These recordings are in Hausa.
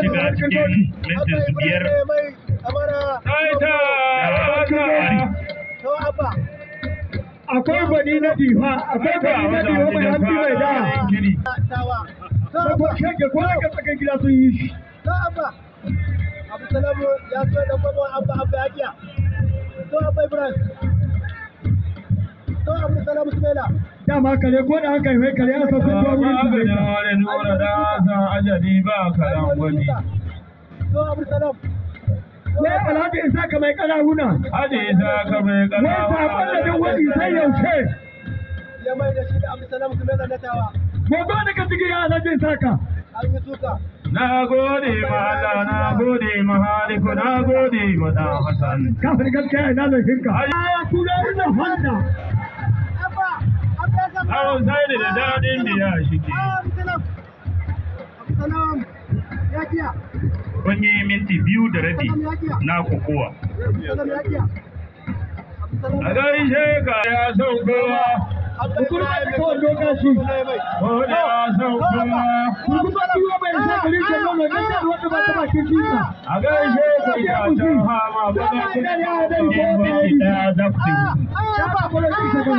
shiga cikin mintin su biyar akwai gwani na diwa akwai na diwa mai hannu mai da sabon shege ko tsakan gida sun yi shi abu salamu ya so da kwamo ibrahim abu salamu sumela dama kare ko da aka yi kare ya sauka ta wurin da nura da za ajali ba karan wani to abu salam ne alhaji isa ka mai huna alhaji isa ka mai kara huna wai sabon da wani sai yaushe ya mai da shi da abu salam da gobe ne ka tigi ya alhaji isa ka an yi tuka Na gode mahala, na gode mahaliku, na gode mata hasan. Kafin gaskiya ina da shinka. Ai, tura hanta. Usaini da daɗin biya shike. Kun yi minti biyu da rabi na kokowa. A gaishe ka ya kowa. Ko da ya son kowa. A gaishe ka ya shi.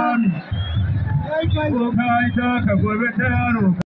boka ita ka gobe ta yaro